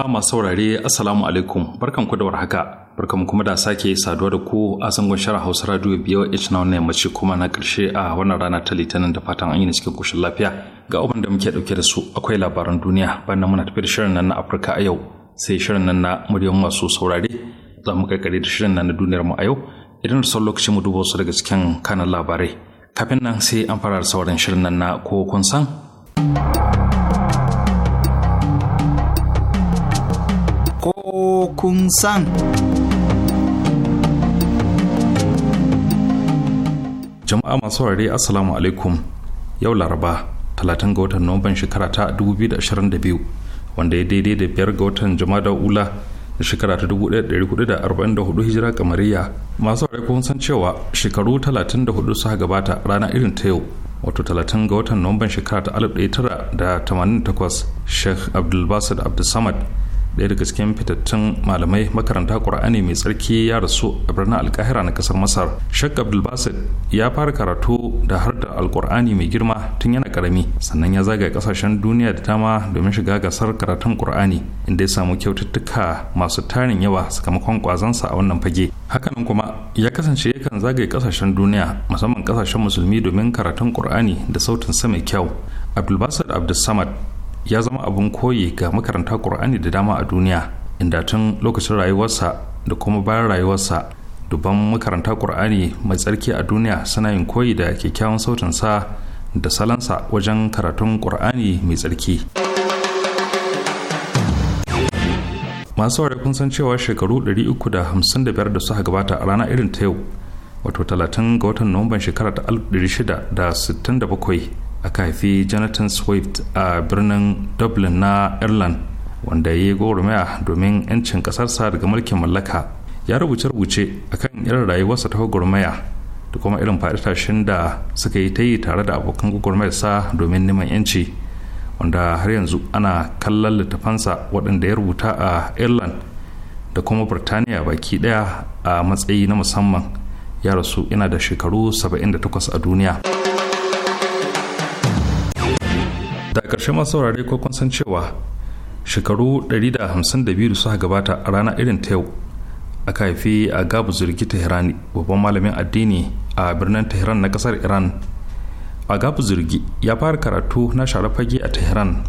Jama'a masu saurare Assalamu alaikum barkan ku da warhaka barkan kuma da sake saduwa da ku a zangon shirin Hausa Radio h na wannan yammaci kuma na karshe a wannan rana ta Litinin da fatan an yi cikin koshin lafiya ga abin da muke dauke da su akwai labaran duniya bayan muna tafi da shirin nan na Afirka a yau sai shirin nan na muryan masu saurare za mu kai da shirin nan na duniyar mu a yau idan da son lokaci mu duba su daga cikin kanan labarai kafin nan sai an fara sauran shirin nan na ko kun san kun san. Jama'a masu saurare Assalamu alaikum yau Laraba 30 ga watan Nuwamban shekara ta 2022 wanda ya daidai da biyar ga watan Jama'a Ula da shekara ta 1444 hijira kamariya masu saurare kun san cewa shekaru 34 suka gabata rana irin ta yau wato 30 ga watan Nuwamban shekara ta 1988 Sheikh Abdulbasir Abdulsamad ɗaya daga cikin fitattun malamai makaranta ƙur'ani mai tsarki ya rasu a birnin alkahira na ƙasar masar shak basit ya fara karatu da harta alƙur'ani mai girma tun yana ƙarami sannan ya zagaya ƙasashen duniya da dama domin shiga gasar karatun ƙur'ani inda ya samu kyaututtuka masu tarin yawa sakamakon ƙwazonsa a wannan fage hakanan kuma ya kasance yakan zagaye ƙasashen duniya musamman ƙasashen musulmi domin karatun ƙur'ani da sautin sa mai kyau abdulbasir abdulsamad ya zama abin koyi ga makaranta ƙur'ani da dama a duniya inda tun lokacin rayuwarsa da kuma bayan rayuwarsa dubban makaranta ƙur'ani mai tsarki a duniya suna yin koyi da kyakkyawan sautinsa da salansa wajen karatun ƙur'ani mai tsarki masu ware kun san cewa shekaru 355 da suka gabata a rana irin ta yau wato 30 ga watan nuwamban shekara ta 1667 aka haifi jonathan swift a birnin dublin na ireland wanda ya yi gwagwarmaya domin 'yancin ƙasarsa daga mulkin mallaka ya rubuce-rubuce kan irin rayuwarsa ta gwagwarmaya da kuma irin faɗi da suka yi ta yi tare da abokan gwagwarmayarsa domin neman 'yanci wanda har yanzu ana kallon littafansa waɗanda ya rubuta a ireland da kuma birtaniya baki ɗaya a matsayi na musamman ya rasu ina da shekaru 78 a duniya. da ƙarshe masu saurare ko kun san cewa shekaru 152 da suka gabata a rana irin ta yau aka haifi a gabu zurgi tehrani babban malamin addini a birnin tehran na kasar iran a gabu zurgi ya fara karatu na share fage a tehran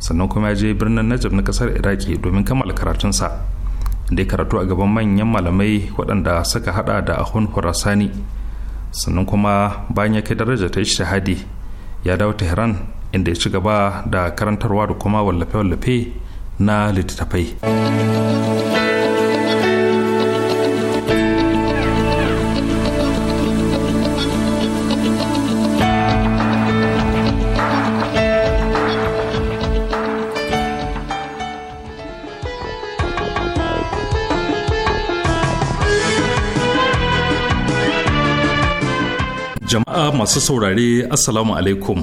sannan kuma ya je birnin najab na kasar iraki domin kammala karatunsa da ya karatu a gaban manyan malamai waɗanda suka hada da ahun horasani sannan kuma bayan ya kai daraja ta ishtihadi ya dawo tehran inda ya ci gaba da karantarwa da kuma wallafe-wallafe na littattafai. jama'a masu saurare assalamu alaikum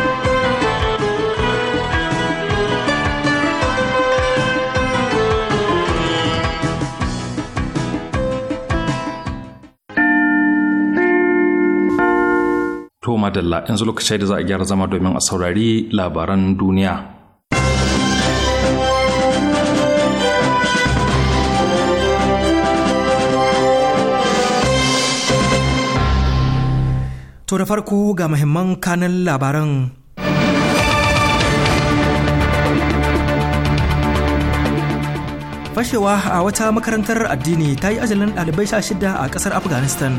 To madalla yanzu lokacin da za a gyara zama domin a saurari labaran duniya. To da farko ga muhimman kanan labaran. Fashewa a wata makarantar addini ta yi ajalin ɗalibai sha shida a ƙasar Afghanistan.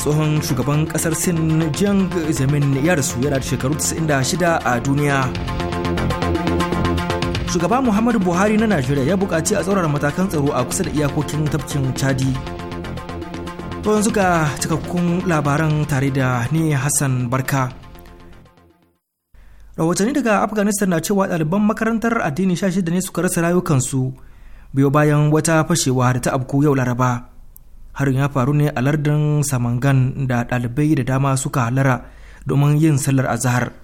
tsohon shugaban kasar sin jiang zemin ya rasu yana da shekaru 96 a duniya shugaba muhammadu buhari na najeriya ya bukaci a tsaurara matakan tsaro a kusa da iyakokin tafkin chadi to yanzu cikakkun labaran tare da ni hassan barka rahotanni daga afghanistan na cewa ɗaliban makarantar addini 16 ne suka rasa rayukansu biyo bayan wata fashewa da ta abku yau laraba harin ya faru ne a lardin samangan da ɗalibai da dama suka halara domin yin sallar azahar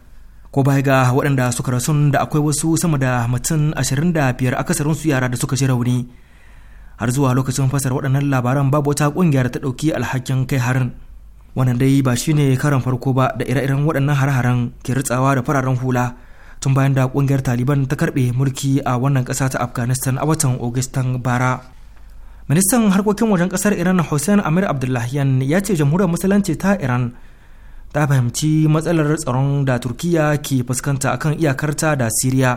ko baya ga waɗanda suka rasu da akwai wasu sama da mutum ashirin da biyar akasarinsu yara da suka ji rauni har zuwa lokacin fasar waɗannan labaran babu wata ƙungiyar ta ɗauki alhakin kai harin wannan dai ba shine karan farko ba da ire-iren waɗannan har-haren ke ritsawa da fararen hula tun bayan da ƙungiyar taliban ta karɓe mulki a wannan ƙasa ta afghanistan a watan augustan bara ministan harkokin wajen kasar iran hussein amir abdullahian ya ce jamhuriyar musulunci ta iran ta fahimci matsalar tsaron da turkiya ke fuskanta akan iyakarta da siriya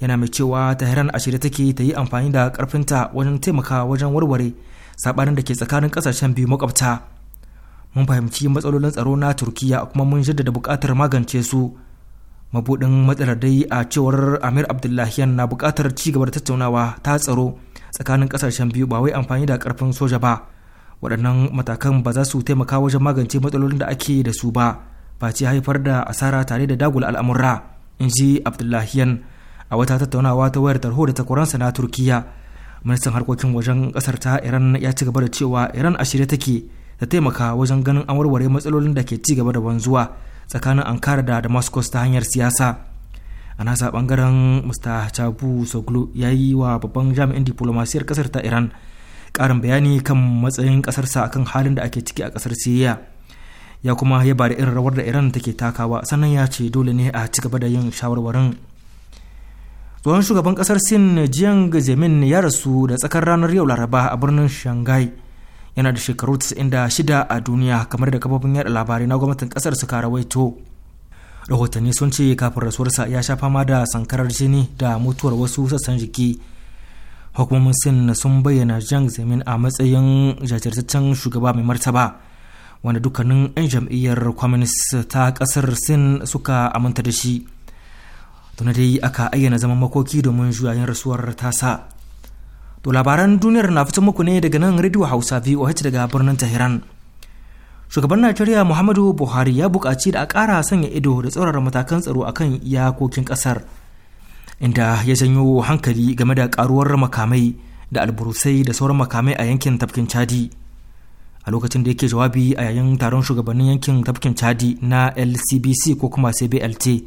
yana mai cewa tehran a shirye take ta yi amfani da karfinta wajen taimaka wajen warware sabanin da ke tsakanin kasashen biyu makwabta mun fahimci matsalolin tsaro na turkiya kuma mun jaddada bukatar magance su mabudin matsalar dai a cewar amir abdullahian na bukatar ci gaba da tattaunawa ta tsaro tsakanin kasashen biyu ba wai amfani da karfin soja ba waɗannan matakan ba za su taimaka wajen magance matsalolin da ake da su ba face haifar da asara tare da dagula al'amurra in ji abdullahiyan a wata tattaunawa ta wayar tarho da takwaransa na turkiya ministan harkokin wajen kasar ta iran ya ci gaba da cewa iran a shirye take ta taimaka wajen ganin an warware matsalolin da ke ci gaba da wanzuwa tsakanin ankara da damascus ta hanyar siyasa a nasa bangaren mr chabu soglo ya yi wa babban jami'in diplomasiyar kasar ta iran karin bayani kan matsayin kasarsa akan halin da ake ciki a kasar siriya ya kuma ya bada irin rawar da iran take takawa sannan ya ce dole ne a ci gaba da yin shawarwarin tsohon shugaban kasar sin jiang zemin ya rasu da tsakar ranar yau laraba a birnin shanghai yana da shekaru 96 a duniya kamar da kafofin yada labarai na gwamnatin kasar suka rawaito rahotanni sun ce kafin rasuwarsa ya sha fama da sankarar jini da mutuwar wasu sassan jiki hukumomin sin sun bayyana jiang zemin a matsayin jajirtaccen shugaba mai martaba wanda dukkanin 'yan jam'iyyar communist ta kasar sin suka aminta da shi tuna dai aka ayyana zaman makoki domin juyayin rasuwar tasa to labaran duniyar na fito muku ne daga nan rediyo hausa voh daga birnin tehran shugaban najeriya muhammadu buhari ya buƙaci da a ƙara sanya ido da tsaurara matakan tsaro a kan iyakokin ƙasar inda ya janyo hankali game da ƙaruwar makamai da alburusai da sauran makamai a yankin tafkin chadi a lokacin da yake jawabi a yayin taron shugabannin yankin tafkin chadi na lcbc ko kuma cblt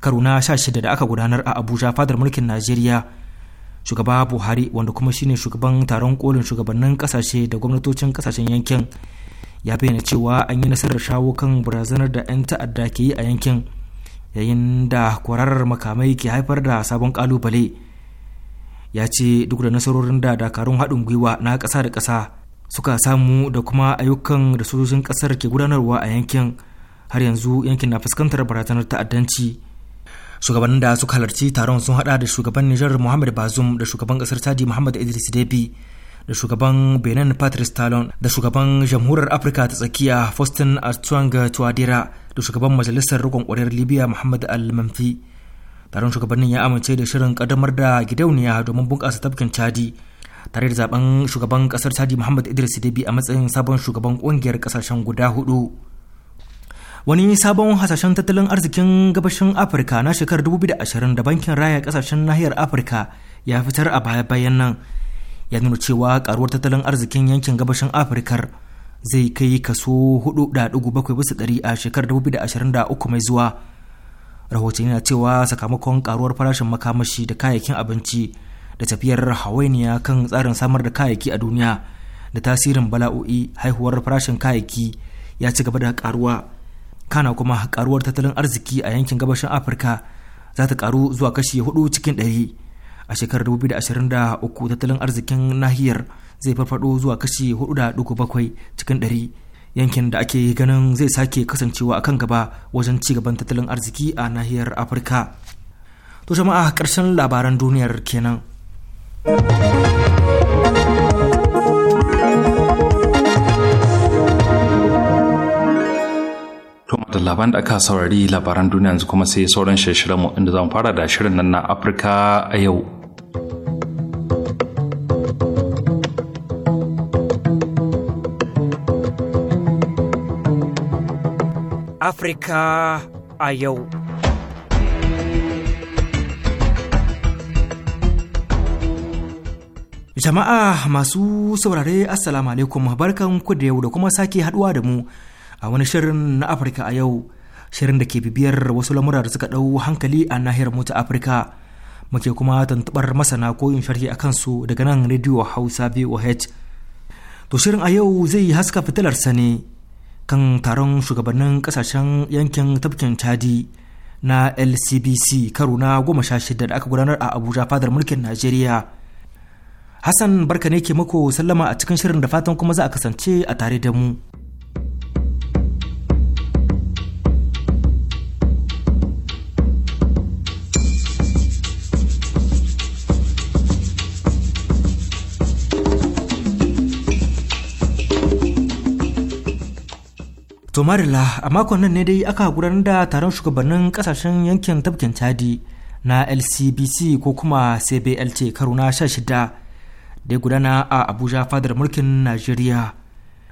karo na 16 da aka gudanar a abuja fadar mulkin najeriya shugaba buhari wanda kuma shine shugaban taron kolin shugabannin kasashe da gwamnatocin kasashen yankin ya bayyana cewa an yi nasarar shawo kan barazanar da 'yan ta'adda ke yi a yankin yayin da kwararar makamai ke haifar da sabon kalubale ya ce duk da nasarorin da dakarun haɗin gwiwa na ƙasa da ƙasa suka samu da kuma ayyukan da sojojin ƙasar ke gudanarwa a yankin har yanzu yankin na fuskantar barazanar ta'addanci shugabannin da suka halarci taron sun hada da shugaban nijar muhammad bazum da shugaban ƙasar chadi muhammad idris debi da shugaban benin patrice talon da shugaban jamhuriyar afirka ta tsakiya faustin artuang tuadera da shugaban majalisar rukun kwarar libya muhammad al-mamfi taron shugabannin ya amince da shirin kaddamar da gidauniya domin bunƙasa tafkin chadi tare da zaben shugaban kasar chadi muhammad idris debi a matsayin sabon shugaban kungiyar kasashen guda hudu wani sabon hasashen tattalin arzikin gabashin afirka na shekarar 2020 da bankin raya kasashen nahiyar afirka ya fitar a baya bayan nan ya nuna cewa karuwar tattalin arzikin yankin gabashin afirka zai kai kaso 4.7 bisa ɗari a shekarar 2023 mai zuwa rahoton yana cewa sakamakon karuwar farashin makamashi da kayayyakin abinci da tafiyar hawainiya kan tsarin samar da kayayyaki a duniya da tasirin bala'o'i haihuwar farashin kayayyaki ya ci gaba da karuwa kana kuma karuwar tattalin arziki a yankin gabashin afirka za ta karu zuwa kashi 4 cikin ɗari. a shekarar 2023 tattalin arzikin nahiyar zai farfado zuwa kashi 4.7 cikin 100 yankin da ake ganin zai sake kasancewa a kan gaba wajen ci gaban tattalin arziki a nahiyar afirka to jama'a karshen labaran duniyar kenan da labaran da aka saurari labaran duniya yanzu kuma sai sauran shirye-shiryenmu inda zamu fara da shirin nan na Afirka a yau. Afirka a yau. Jama'a masu saurare Assalamu alaikum barkan ku da yau da kuma sake haduwa da mu a wani shirin na Afirka a yau shirin da ke bibiyar wasu lamura da suka ɗau hankali a nahiyar mu ta Afirka muke kuma tuntubar masana ko yin sharhi a kansu daga nan rediyo Hausa VOH to shirin a yau zai haska fitilarsa ne kan taron shugabannin kasashen yankin tafkin chadi na lcbc karo na goma sha shida da aka gudanar a abuja fadar mulkin najeriya hassan barka ne ke mako sallama a cikin shirin da fatan kuma za a kasance a tare da mu. To Marila, a makon nan ne dai aka gudanar da taron shugabannin kasashen yankin tafkin Chadi na LCBC ko kuma CBLT karo na 16 da ya gudana a Abuja fadar mulkin Najeriya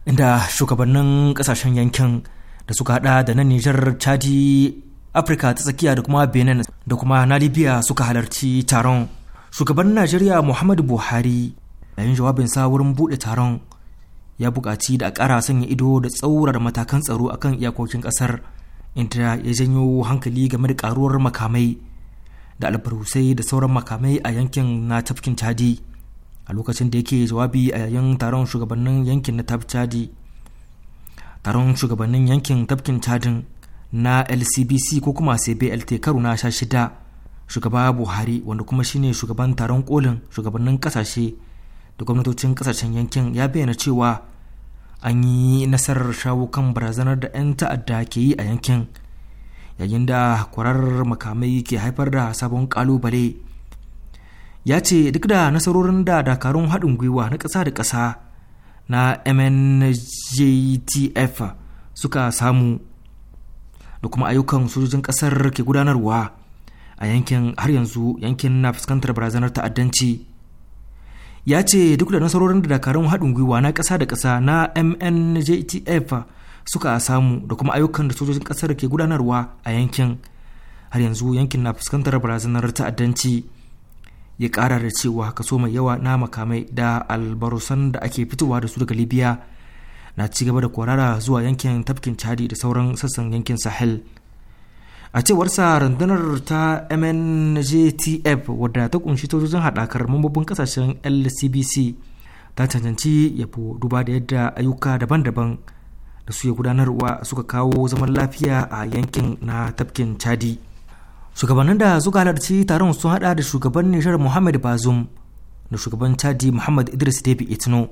inda shugabannin kasashen yankin da suka hada da na Nijar Chadi Afirka ta tsakiya da kuma Benin da kuma na Libya suka halarci taron. Shugaban Najeriya Muhammadu Buhari yayin jawabinsa wurin buɗe taron ya buƙaci da a ƙara sanya ido da tsaurar matakan tsaro a kan iyakokin ƙasar inda ya janyo hankali game da karuwar makamai da albarusai da sauran makamai a yankin na tafkin chadi a lokacin da yake jawabi a yayin taron shugabannin yankin na tafkin chadi taron shugabannin yankin tafkin chadin na lcbc ko kuma cblt karo na sha shida shugaba buhari wanda kuma shine shugaban taron kolin shugabannin kasashe da gwamnatocin kasashen yankin ya bayyana cewa an yi nasarar shawo kan barazanar da 'yan ta'adda ke yi a yankin yayin da kwarar makamai ke haifar da sabon kalubale ya ce duk da nasarorin da dakarun haɗin gwiwa na ƙasa da ƙasa na mnjtf suka samu da kuma ayyukan sojojin ƙasar ke gudanarwa a yankin har yanzu yankin na fuskantar barazanar ta'addanci ya ce duk da nasarorin da dakarun haɗin gwiwa na ƙasa da ƙasa na mnjtf suka samu da kuma ayyukan da sojojin ƙasar ke gudanarwa a yankin har yanzu yankin na fuskantar barazanar ta'addanci ya ƙara da cewa kaso mai yawa na makamai da albarusan da ake fitowa da su daga libya na ci gaba da kwarara zuwa yankin tafkin chadi da sauran sassan yankin sahel a cewar sa rundunar ta mnjtf wadda ta kunshi sojojin haɗakar mambobin kasashen lcbc ta cancanci yabo duba da yadda ayyuka daban-daban da su ya gudanarwa suka kawo zaman lafiya a yankin na tafkin chadi shugabannin da suka halarci taron sun hada da shugaban nishar muhammad bazum da shugaban chadi muhammad idris debi itno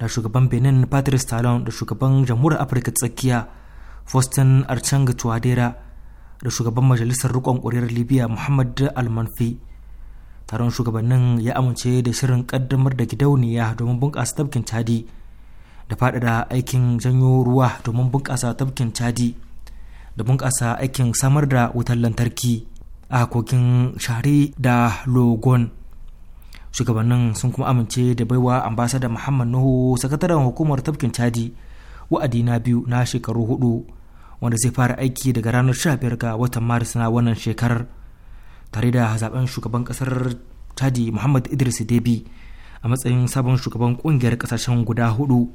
da shugaban benin patrice talon da shugaban jamhuriyar afirka tsakiya faustin archang tuadera da shugaban majalisar rikon ƙwariyar libya muhammad almanfi taron shugabannin ya amince da shirin kaddamar da gidauniya domin bunƙasa tafkin chadi da faɗaɗa aikin janyo ruwa domin bunƙasa tafkin chadi da bunƙasa aikin samar da wutar lantarki a kogin shari da logon shugabannin sun kuma amince da baiwa ambasada muhammad nuhu sakataren hukumar tafkin chadi wa'adi na biyu na shekaru hudu wanda zai fara aiki daga ranar 15 ga watan maris na wannan shekarar tare da zaben shugaban kasar chadi muhammad idris debi a matsayin sabon shugaban kungiyar kasashen guda hudu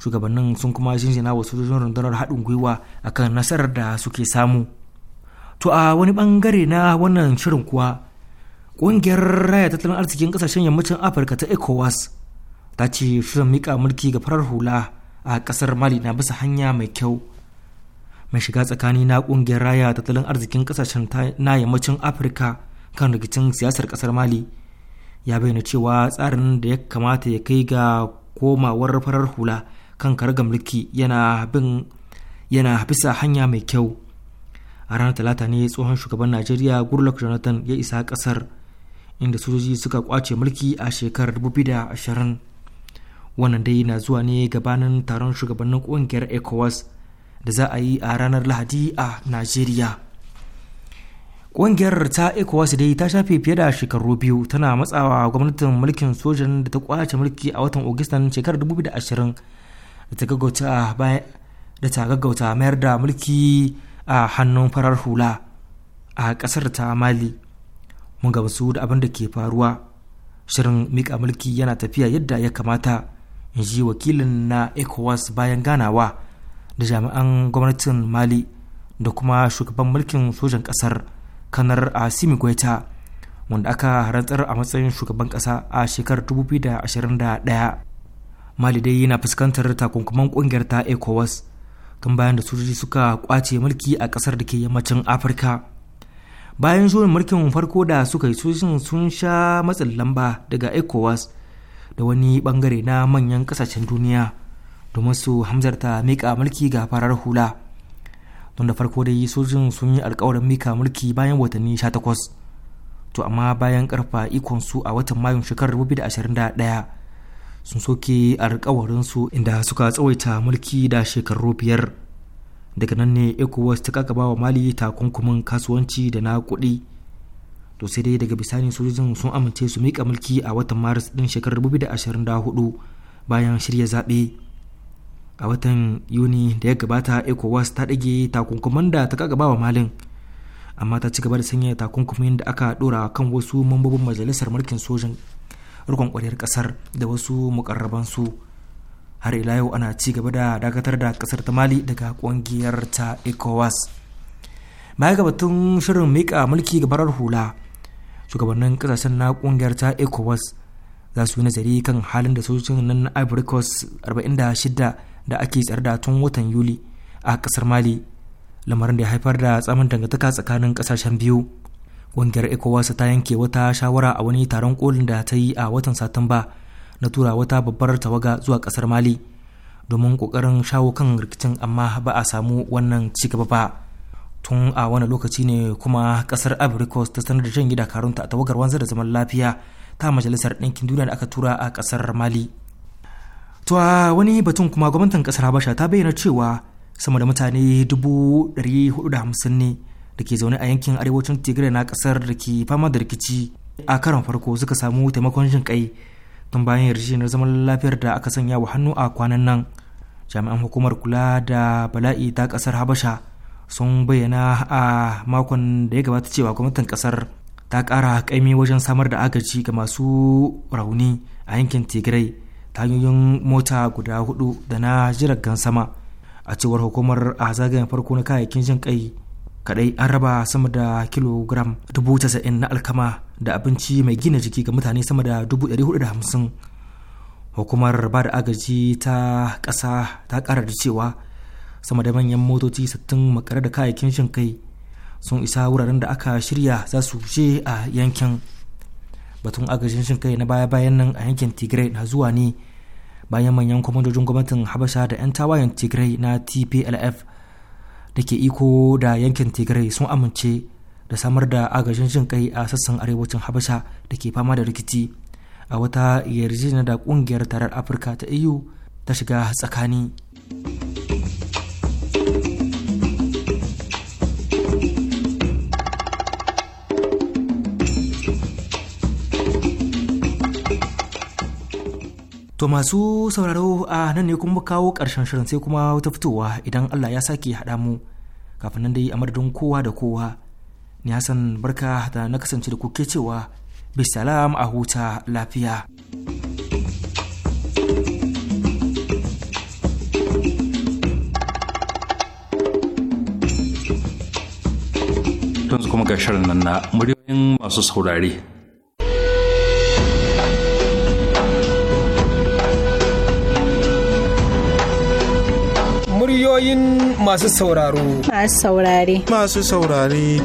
shugabannin sun kuma jinjina wa sojojin rundunar haɗin gwiwa akan nasarar da suke samu to a wani bangare na wannan shirin kuwa kungiyar raya tattalin arzikin kasashen yammacin afirka ta ecowas ta ce shirin mika mulki ga farar hula a kasar mali na bisa hanya mai kyau mai shiga tsakani na kungiyar raya tattalin arzikin kasashen na yammacin afirka kan rikicin siyasar kasar mali ya bayyana cewa tsarin da ya kamata ya kai ga komawar farar hula kan karagar mulki yana bisa hanya mai kyau a ranar talata ne tsohon shugaban najeriya gurlok jonathan ya isa kasar inda sojoji suka kwace mulki a shekarar 2020 wannan dai na zuwa ne gabanin taron shugabannin kungiyar ecowas da za a yi a ranar lahadi a najeriya ƙungiyar ta ecowas dai ta shafe fiye da shekaru biyu tana matsawa gwamnatin mulkin sojan da ta kwace mulki a watan ogistan shekarar 2020 da ta gaggauta mayar da mulki a hannun farar hula a ƙasar ta mali mun gamsu da abin da ke faruwa shirin mika mulki yana tafiya yadda ya kamata in ji wakilin na ecowas bayan ganawa da jami'an gwamnatin mali da kuma shugaban mulkin sojan kasar kanar simi gwaita wanda aka rantsar a matsayin shugaban ƙasa a shekarar 2021 mali dai yana fuskantar takunkuman kungiyar ta ecowas tun bayan da sojoji suka kwace mulki a kasar da ke yammacin afirka bayan shirin mulkin farko da suka yi sojin sun sha matsin lamba daga ecowas da wani bangare na manyan kasashen duniya domin su hamzarta mika mulki ga farar hula don da farko dai sojin sun yi alkawarin mika mulki bayan watanni 18 to amma bayan karfa ikon su a watan mayun shekarar 2021 sun soke alkawarin su inda suka tsawaita mulki da shekaru biyar daga nan ne ecowas ta kakaba wa mali takunkumin kasuwanci da na kuɗi to sai dai daga bisani sojojin sun amince su mika mulki a watan maris din shekarar 2024 bayan shirya zaɓe a watan yuni da ya gabata ecowas ta ɗage takunkuman da ta kagaba wa malin amma ta ci gaba da sanya takunkumin da aka ɗora kan wasu mambobin majalisar mulkin sojin rukun ƙwariyar ƙasar da wasu mukarraban su har ila yau ana ci gaba da dakatar da ƙasar ta mali daga ƙungiyar ta ecowas baya ga batun shirin mika mulki ga hula shugabannin kasashen na ƙungiyar ta ecowas za su yi nazari kan halin da sojojin nan na ivory coast 46 da ake tsar da tun watan yuli a kasar mali lamarin da ya haifar da tsamin dangantaka tsakanin kasashen biyu ƙungiyar ecowas ta yanke wata shawara a wani taron kolin da ta yi a watan satumba na tura wata babbar tawaga zuwa kasar mali domin kokarin shawo kan rikicin amma ba a samu wannan cigaba ba tun a wani lokaci ne kuma kasar abrikos ta sanar da jan dakarunta a tawagar wanzar da zaman lafiya ta majalisar ɗinkin duniya da aka tura a kasar mali to a wani batun kuma gwamnatin kasar habasha ta bayyana cewa sama da mutane 450 ne da ke zaune a yankin arewacin tigray na kasar da ke fama da rikici a karon farko suka samu taimakon jin kai tun bayan yarjejeniyar zaman lafiyar da aka sanya wa hannu a kwanan nan jami'an hukumar kula da bala'i ta kasar habasha sun bayyana a makon da ya gabata cewa gwamnatin kasar ta kara kaimi wajen samar da agaji ga masu rauni a yankin tigray ta hanyoyin mota guda hudu da na jiragen sama a cewar hukumar a zagayen farko na kayayyakin jin kai kadai an raba sama da kilogram 90,000 na alkama da abinci mai gina jiki ga mutane sama da 450 hukumar ba da agaji ta ƙasa ta ƙara da cewa sama da manyan motoci 60 makare da kayayyakin jin kai sun isa wuraren da aka shirya za su je a yankin batun agajin shin kai na baya-bayan nan a yankin tigray na zuwa ne bayan manyan kwamandojin gwamnatin habasha da 'yan tawayen tigray na tplf da ke iko da yankin tigray sun amince da samar da agajin shin kai a sassan arewacin habasha da ke fama da rikici a wata yarjejeniya da kungiyar tarar afirka ta eu ta shiga tsakani. To masu sauraro a nan ne kuma kawo ƙarshen shirin sai kuma wata fitowa idan Allah ya sake haɗa mu kafin nan dai a madadin kowa da kowa. Ni Hassan barka da na kasance da kuke cewa bisalam a huta lafiya. Tunzu kuma ga shirin nan na muryoyin masu saurare. Muryoyin masu sauraro. Masu saurare. Masu saurare.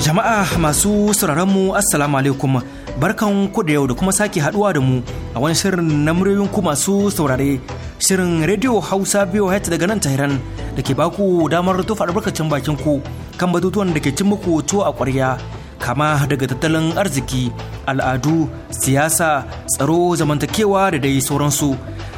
Jama'a masu sauraron mu Assalamu alaikum. Barkan ku da yau da kuma sake haduwa da mu a wani shirin na muryoyin ku masu saurare. Shirin Radio Hausa biyu hat daga nan tahiran da ke baku damar tufa albarkacin bakin ku kan batutuwan da ke cin muku tuwo a ƙwarya kama daga tattalin arziki, al'adu, siyasa, tsaro, zamantakewa da dai sauransu.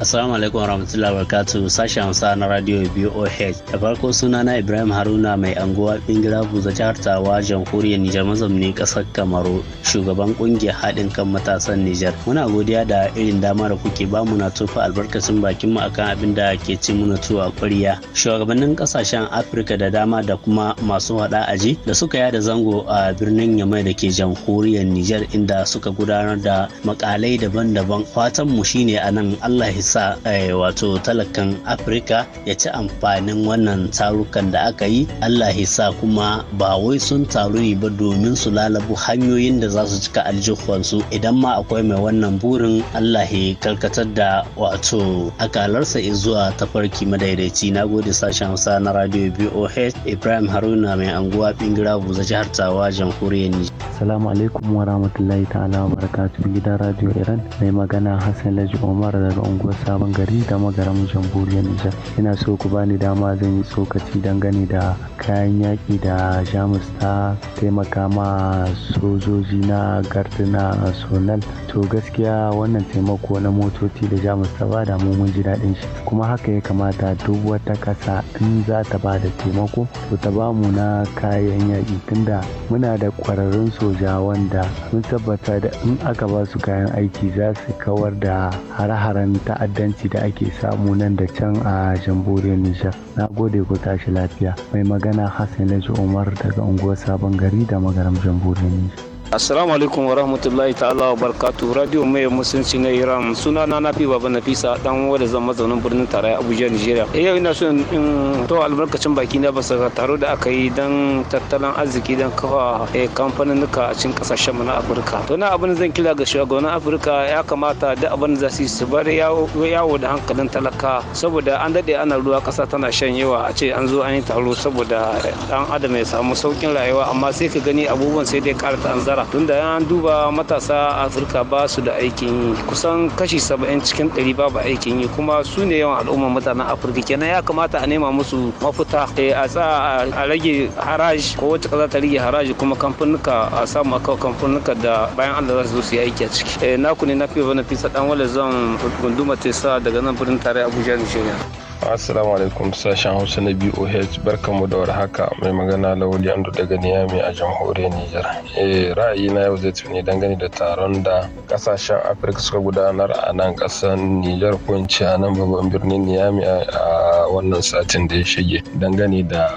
Assalamu alaikum warahmatullahi wabarakatuh sashen Hausa na radio BOH. Da farko sunana Ibrahim Haruna mai anguwa Bingira Buza jihar Tawa jamhuriyar Nijar mazamni kasar Kamaru shugaban ƙungiyar haɗin kan matasan Nijar. Muna godiya da irin dama da kuke ba mu na tufa albarkacin bakin mu akan abin da ke ci mu tuwa ƙwarya. Shugabannin kasashen Afirka da dama da kuma masu haɗa aji da suka yada zango a birnin Yamai da ke jamhuriyar Nijar inda suka gudanar da makalai daban-daban. Fatan mu shine anan Allah ya sa eh, wato talakan afirka ya ci amfanin wannan tarukan da aka yi allah ya sa kuma ba wai sun taru ne ba domin su lalabu hanyoyin da za su cika aljihuwansu idan ma akwai mai wannan burin allah ya karkatar da wato akalarsa zuwa tafarki madaidaici na gode sashen hausa na radio boh ibrahim haruna mai anguwa bingira buza jihar tawa jamhuriyar ni salamu alaikum wa rahmatullahi ta'ala wa barakatuh gidan radio iran mai magana hassan laji umar daga unguwar sabon gari da magaram jamhuriyar nijar ina so ku bani dama zan yi tsokaci dangane da kayan yaƙi da jamus ta taimaka ma sojoji na gardina sonal to gaskiya wannan taimako na motoci da jamus ta bada mu mun ji daɗin shi kuma haka ya kamata duk wata ƙasa in za ta ba da taimako to ta ba mu na kayan yaƙi tunda muna da ƙwararrun soja wanda mun tabbata da in aka ba su kayan aiki za su kawar da hare-haren ta'ad ta'addanci da ake samu nan da can a jamhuriyar Nijar. Na gode ku tashi lafiya. Mai magana Hassan Laji Umar daga unguwar Sabon Gari da magaram jamhuriyar Nijar. Assalamu alaikum wa rahmatullahi ta'ala wa barkatu Radio Mai Musulunci na Iran suna na Nafi Baba Nafisa dan wanda zan mazaunin birnin tarayya Abuja Nigeria. Eh yau ina son in to albarkacin baki na basa taro da aka yi dan tattalin arziki dan kafa eh, kamfaninnuka a cikin kasashen mu na Afirka. To na abin zan kira ga shugabannin Afirka ya kamata da abin za su su bar yawo da hankalin talaka saboda an dade ana ruwa kasa tana shan yawa a ce an zo an yi taro saboda dan adam ya samu saukin rayuwa amma sai ka gani abubuwan sai dai an zara matsala tunda an duba matasa afirka ba su da aikin yi kusan kashi saba'in cikin ɗari babu aikin yi kuma su ne yawan al'ummar mutanen afirka kenan ya kamata a nema musu mafuta. Eh, a sa a rage haraji ko wata kaza ta rage haraji kuma kamfanuka a samu aka kamfanuka da bayan allah za su zo su yi aiki a ciki eh, na ku ne na fi wani fisa dan wale zan gunduma tesa daga nan birnin tare abuja nigeria Assalamu alaikum sashen Hausa na BOH mu da haka mai magana Lawali Andu daga Niyami a jamhuriyar Nijar. Eh ra'ayi na yau zai tuni dangane da taron da kasashen Afirka suka gudanar a nan kasar Nijar ko in ce a nan babban birnin Niyami a wannan satin da ya shige dangane da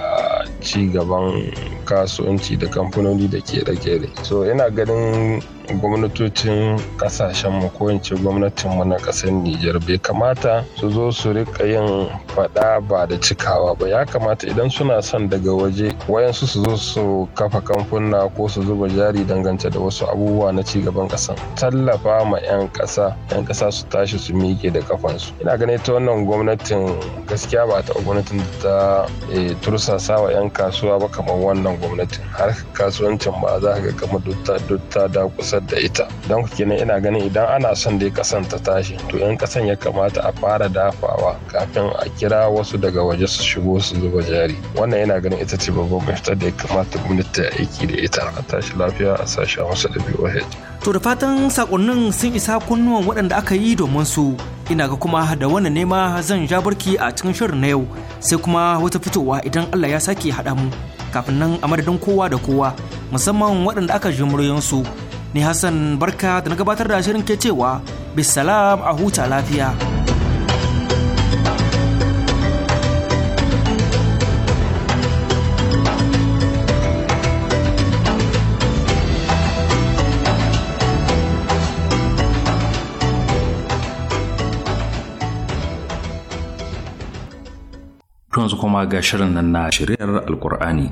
ci gaban kasuwanci da kamfanoni da ke kere so ina ganin gwamnatocin kasashen mu ko ince gwamnatin mu na kasar Nijar bai kamata su zo su rika yin fada ba da cikawa ba ya kamata idan suna son daga waje wayansu su zo su kafa kamfuna ko su zuba jari dangance da wasu abubuwa na cigaban kasan tallafa ma 'yan kasa 'yan kasa su tashi su mike da kafansu ina ganin ta wannan gwamnatin gaskiya ba ta gwamnatin eh, ta tursasa wa 'yan kasuwa ba kamar wannan gwamnatin har kasuwancin ba za ga kama dutta dutta da kusa da ita don kenan ina ganin idan ana son dai kasan ta tashi to yan kasan ya kamata a fara dafawa kafin a kira wasu daga waje su shigo su zuba jari wannan yana ganin ita ce babban mafita da ya kamata gwamnati ta aiki da ita a tashi lafiya a a wasu da biyu To da fatan sakonnin sun isa kunnuwan waɗanda aka yi domin su ina ga kuma da wannan nema zan ja barki a cikin shirin na yau sai kuma wata fitowa idan Allah ya sake haɗa mu. kafin nan a madadin kowa da kowa musamman waɗanda aka ji muryansu ni Hassan barka da na gabatar da shirin ke cewa bisalam a huta lafiya. yanzu kuma ga shirin nan na shiriyar Alƙur'ani.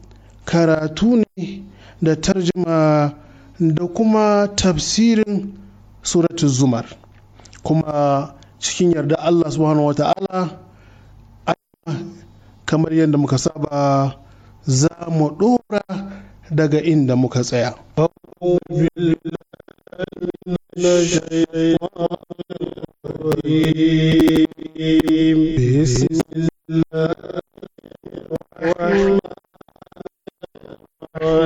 karatu ne da tarjima da kuma tafsirin suratu zumar kuma cikin yarda Allah subhanahu wa ta'ala kamar yadda muka saba za mu ɗora daga inda muka tsaya. بسم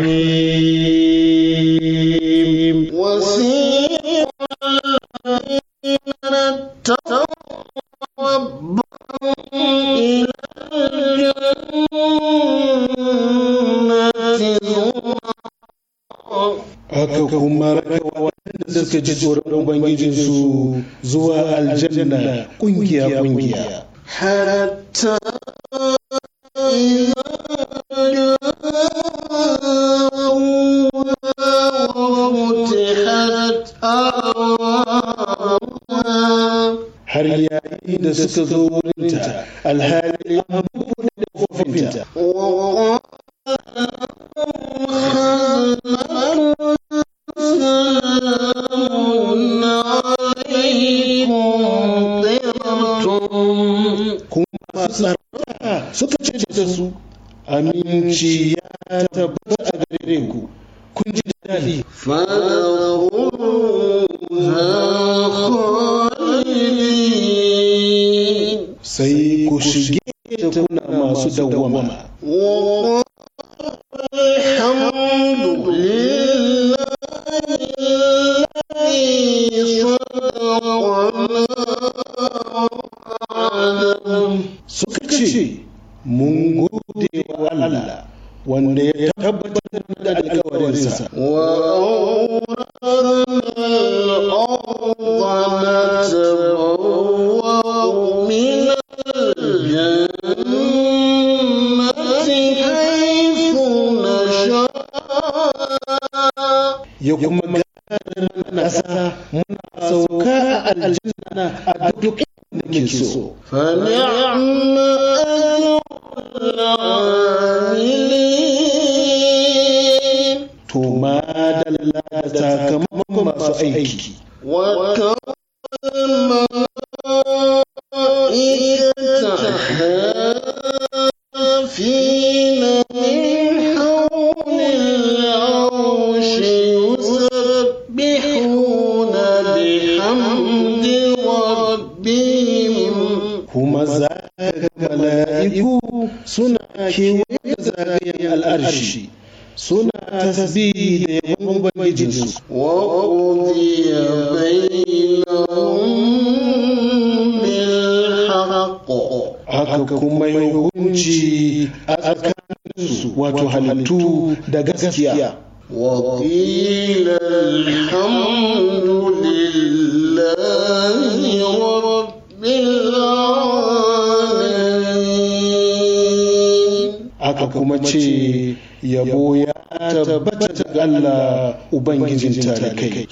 الرحيم وسيق الذين اتقوا ربهم إلى الجنة haka kuma waɗanda suka ji tsoron ubangijinsu zuwa aljanna ƙungiya-ƙungiya hatta سكتور انت isso. kewaye zagayen al'arshi suna tasbihi da yabon ubangijinsu wa qudiya bainahum bil haqq haka kuma yi hukunci a tsakaninsu wato halittu da gaskiya wa qila mace ce yabo ya tabbata ga Allah Ubangijin kai.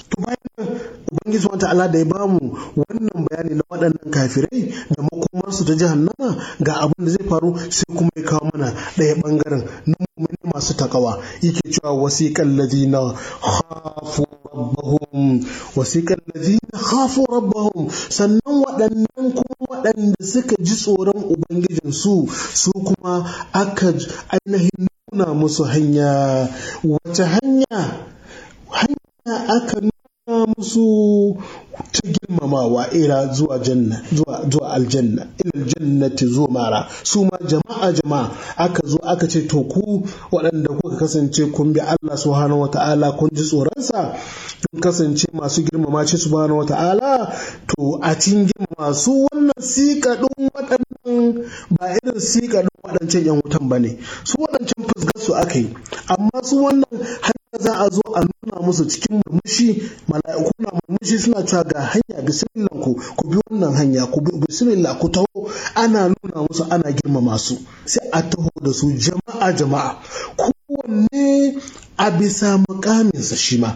ubangiji subhanahu ta'ala da ya bamu wannan bayani na waɗannan kafirai da makomarsu ta jahannama ga abin da zai faru sai kuma ya kawo mana ɗaya ɓangaren na mummuni masu takawa yake cewa wasiƙan ladina hafu rabbahum wasiƙan ladina hafu rabbahum sannan waɗannan kuma waɗanda suka ji tsoron ubangijin su su kuma aka ainihin nuna musu hanya wace hanya hanya aka musu ta girmamawa ira zuwa janna zuwa aljanna ilal jannati zuwa mara su ma jama'a jama'a aka zo aka ce to ku waɗanda kuka kasance kun bi Allah subhanahu wata'ala kun ji tsoronsa kun kasance masu girmama shi subhanahu wata'ala to a cikin girmama su wannan sikadin waɗannan ba irin sikadin waɗancan yan wutan bane su waɗancan fusgar su aka yi amma su wannan za a zo a nuna musu cikin murmushi mala'iku na murmushi suna cewa ga hanya bismillah ku ku bi wannan hanya ku bi bismillah ku taho ana nuna musu ana girmama su sai a taho da su jama'a jama'a kowanne a bisa mukaminsa shi ma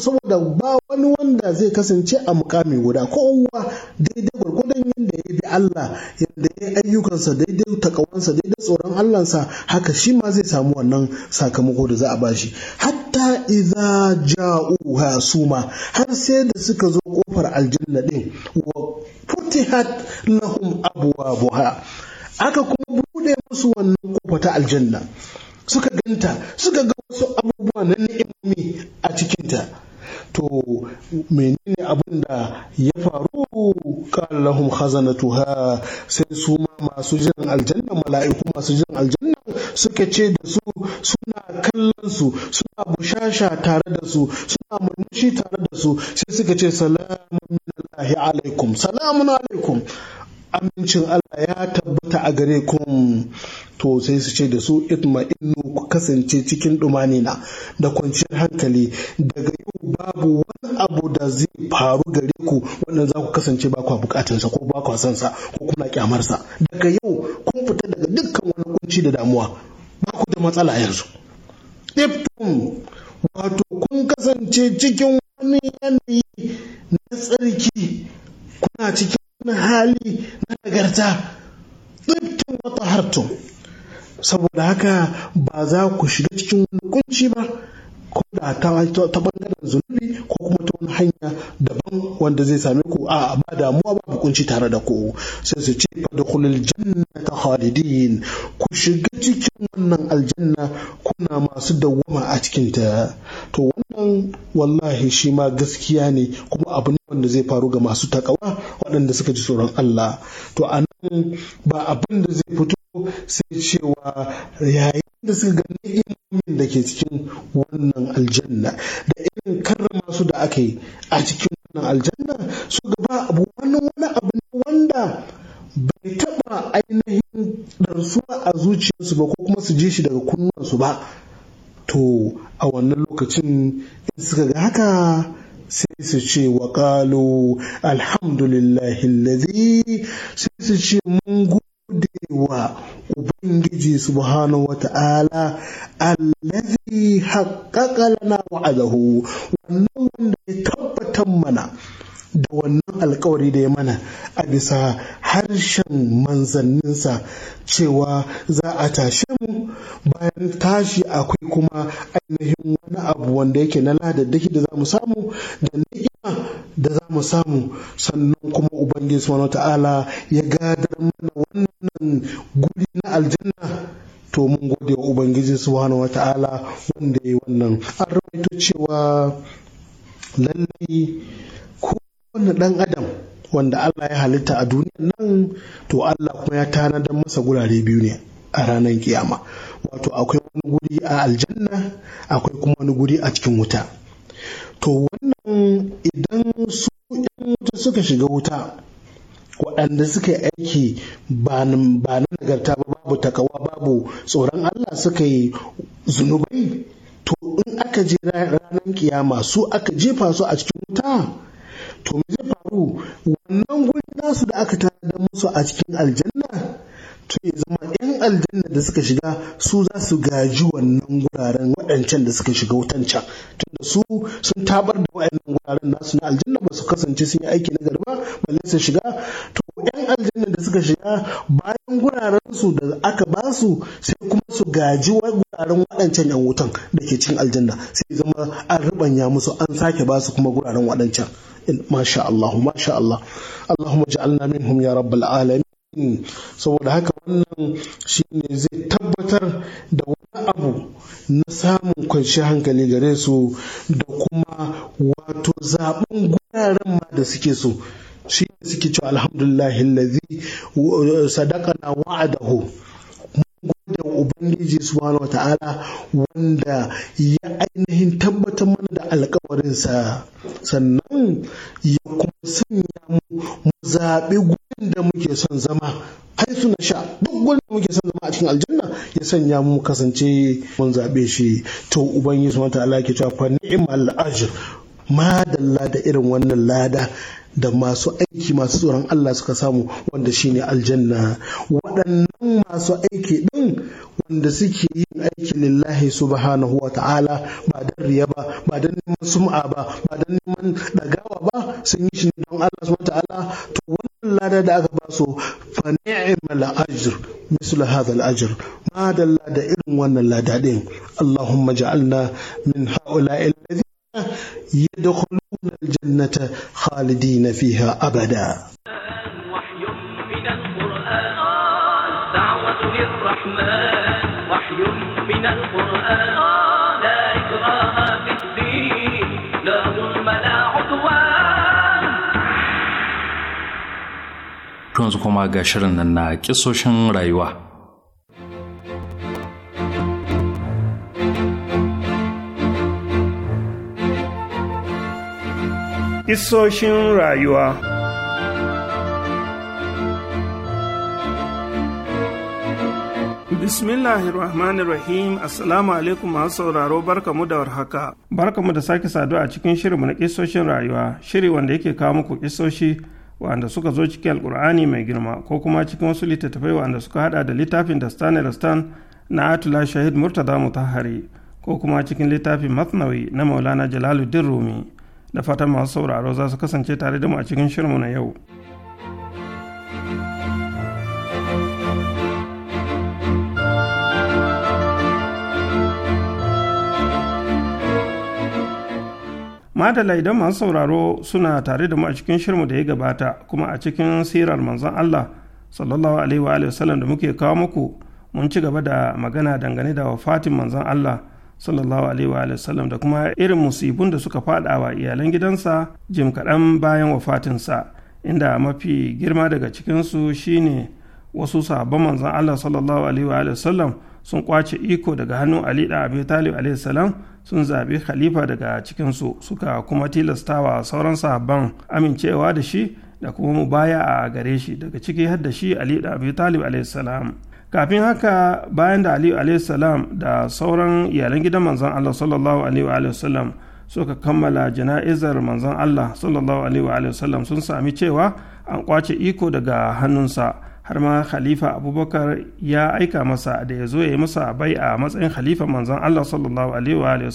saboda ba wani wanda zai kasance a mukami guda kowa daidai gwargwadon daidai Allah yadda ya ayyukansa daidai takawansa daidai tsoron Allahnsa haka shi ma zai samu wannan sakamako da za a bashi hatta idza ha suma har sai da suka zo kofar aljanna din wa futihat lahum abwabuha aka kuma bude musu wannan kofa ta aljanna suka ganta suka ga wasu abubuwa na ni'imomi a cikinta to menene abin da ya faru qala lahum khazanatuha sai su ma masu jiran aljanna mala'iku masu jiran aljanna suka ce da su suna kallon su suna bushasha tare da su suna murmushi tare da su sai suka ce salamun alaikum salamun alaikum amincin Allah ya tabbata a gare ku to sai su ce da su itma innu ku kasance cikin dumani na da kwanciyar hankali daga yau babu wani abu da zai faru gare ku wannan za ku kasance ba ku bukatansa ko ba kwa sansa ko kuna kyamarsa daga yau kun fita daga dukkan wani kunci da damuwa ba ku da matsala yanzu iftum wato kun kasance cikin wani yanayi na tsarki kuna cikin hali na nagarta tsibtin wata harto saboda haka ba za ku shiga cikin wani kunci ba ko da ta bangaren zunubi ko kuma ta wani hanya daban wanda zai same ku a ba damuwa ba kunci tare da ku sai su ce fadkhulul jannata khalidin ku shiga cikin wannan aljanna kuna masu dawwama a cikin ta to wannan wallahi shi ma gaskiya ne kuma abu ne wanda zai faru ga masu takawa waɗanda suka ji tsoron Allah to a nan ba abin da zai fito sai cewa yayin da suka gani ni'imomin da ke cikin wannan aljanna da irin karrama su da aka yi a cikin wannan aljanna su gaba abu wani wani abu ne wanda bai taɓa ainihin ɗarsuwa a zuciyarsu ba ko kuma su ji shi daga kunnuwansu ba to a wannan lokacin in suka ga haka sai su ce wa ƙalo alhamdulillahi lazi sai su ce mun gode wa ubangiji subhanahu wa ta'ala allazi haƙaƙa lana wa'adahu wannan wanda ya tabbatar mana da wannan alkawari da ya mana a bisa harshen manzanninsa cewa za a tashe mu bayan tashi akwai kuma ainihin wani abu wanda yake na ladaddaki da za mu samu da ni'ima da za mu samu sannan kuma ubangiji subhanahu ta'ala ya gadar mana wannan guri na aljanna to mun gode wa ubangiji subhanahu wata'ala wanda ya yi wannan an rawaito cewa lallai ko kowane ɗan adam wanda Allah ya halitta a duniyan nan to Allah kuma ya tanadar masa gurare biyu ne a ranar kiyama wato akwai wani guri a aljanna akwai kuma wani guri a cikin wuta to wannan idan su yan wuta suka shiga wuta waɗanda suka yi aiki ba na nagarta ba babu takawa babu tsoron Allah suka yi zunubai to in aka je ranar kiyama su aka jefa su a cikin wuta to me zai faru wannan guri nasu da aka tara da musu a cikin aljanna to ya zama yan aljanna da suka shiga su za su gaji wannan guraren waɗancan da suka shiga wutan can tunda su sun tabar da waɗannan guraren nasu na aljanna ba su kasance sun yi aiki na garba balle su shiga to yan aljanna da suka shiga bayan guraren su da aka ba su sai kuma su gaji guraren waɗancan yan wutan da ke cikin aljanna sai zama an ruɓanya musu an sake ba su kuma guraren waɗancan ma sha Allah ma sha Allah Allahumma ja'alna minhum ya rabbal saboda haka wannan shine zai tabbatar da wani abu na samun kwanciyar hankali gare su da kuma wato zaɓen guraren ma da suke so shi suke cewa alhamdulillahi lazi sadaqana wa'adahu da Ubangiji subhanahu wata'ala wanda ya ainihin tabbatar mana da alkawarinsa sannan ya kuma sanya mu mu zaɓi gurin da muke son zama haisu na sha duk gurin da muke son zama a cikin aljanna ya sanya mu kasance mun zaɓe shi to Ubangiji subhanahu wata'ala ke cewa fa ni'mal ajr madalla da irin wannan lada da masu aiki masu tsoron Allah suka samu wanda shine aljanna waɗannan masu aiki ɗin wanda suke yin aiki lillahi subhanahu wa ta'ala ba don riya ba ba don neman sum'a ba ba don neman ɗagawa ba sun yi shi ne don Allah subhanahu wa ta'ala to wannan lada da aka ba su fa ni'mal ajr mislu hadha al ajr ma da irin wannan lada din Allahumma ja'alna min ha'ula'i يدخلون الجنة خالدين فيها أبدا وحي من القرآن دعوة للرحمن وحي من القرآن لا إكراه في الدين لا ظلم لا عدوان تونزكم أغاشرنا ناكسوشن رايوه Isoshin rayuwa Bismillahirrahmanirrahim Assalamu alaikum masu sauraro barka barkamu da warhaka. mu da sake saduwa a cikin shirinmu na kisoshin rayuwa, shiri wanda yake kawo muku kisoshi wanda suka zo cikin alkur'ani mai girma ko kuma cikin wasu littattafai wanda suka hada da littafin da stan stan na atula shahid murtada mutahari ko kuma cikin littafin masnawi na maulana jalaluddin rumi da fatan masu sauraro za su kasance tare da mu a cikin shirinmu na yau. madala idan masu sauraro suna tare da mu a cikin shirinmu da ya gabata kuma a cikin sirar manzon Allah sallallahu alaihi wa sallam da muke kawo muku mun ci gaba da magana dangane da wafatin manzon Allah sallallahu alaihi wa sallam da kuma irin musibun da suka fada wa iyalan gidansa jim kaɗan bayan wafatinsa inda mafi girma daga cikinsu shine wasu sahabban manzan Allah sallallahu alaihi wa sallam sun kwace iko daga hannun Ali da Abi Talib alaihi salam sun zabi khalifa daga cikinsu suka kuma tilastawa sauran sahabban amincewa da shi da kuma mubaya a gare shi daga ciki har da shi Ali da Abi Talib alaihi salam kafin haka bayan da aliyu salam da sauran iyalan gidan manzon allah sallallahu alaihi wasallam suka kammala jana'izar manzon allah sallallahu alaihi sun sami cewa an kwace iko daga hannunsa har ma khalifa abubakar ya aika masa da ya zo ya yi masa bai a matsayin khalifa manzon allah sallallahu alaihi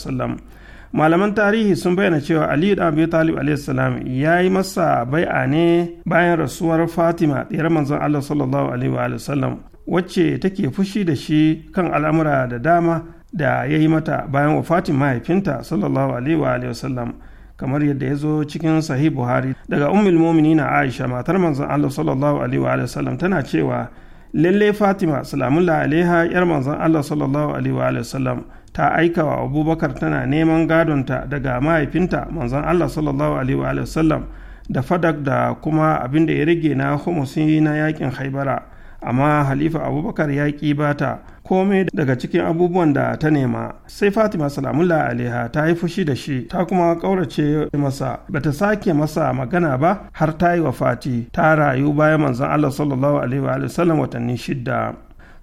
malaman tarihi sun bayyana cewa aliyu da abu talib salam ya yi masa bai'a ne bayan rasuwar fatima ɗiyar manzon allah sallallahu alaihi wa wacce take fushi da shi kan al'amura da dama da ya yi mata bayan wafatin mahaifinta sallallahu alaihi wa alaihi wasallam kamar yadda ya zo cikin sahih buhari daga ummul na aisha matar manzon allah sallallahu alaihi wa wasallam tana cewa lalle fatima salamullah alaiha yar manzon allah sallallahu alaihi wa wasallam ta aika wa abubakar tana neman gadonta daga mahaifinta manzon allah sallallahu alaihi wa wasallam da fadak da kuma abin da ya rage na homosi na yakin haibara amma halifa abubakar ya ƙi bata komai daga cikin abubuwan da ta nema sai fatima salamullah alaiha ta yi fushi da shi ta kuma ƙaurace masa bata sake masa magana ba har ta yi wa fati ta rayu bayan manzon allah sallallahu alaihi wa sallam watanni shidda